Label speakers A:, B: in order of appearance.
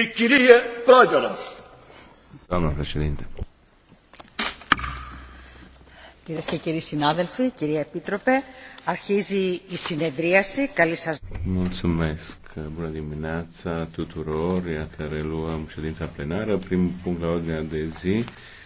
A: Ichirie Pragaras.
B: Doamna președinte.
A: Κυρίες και κύριοι συνάδελφοι, κυρία Επίτροπε, αρχίζει η συνεδρίαση. Καλή σας...
C: Mulțumesc. Bună dimineața tuturor. Iată, reluăm ședința plenară. Primul punct la ordinea de zi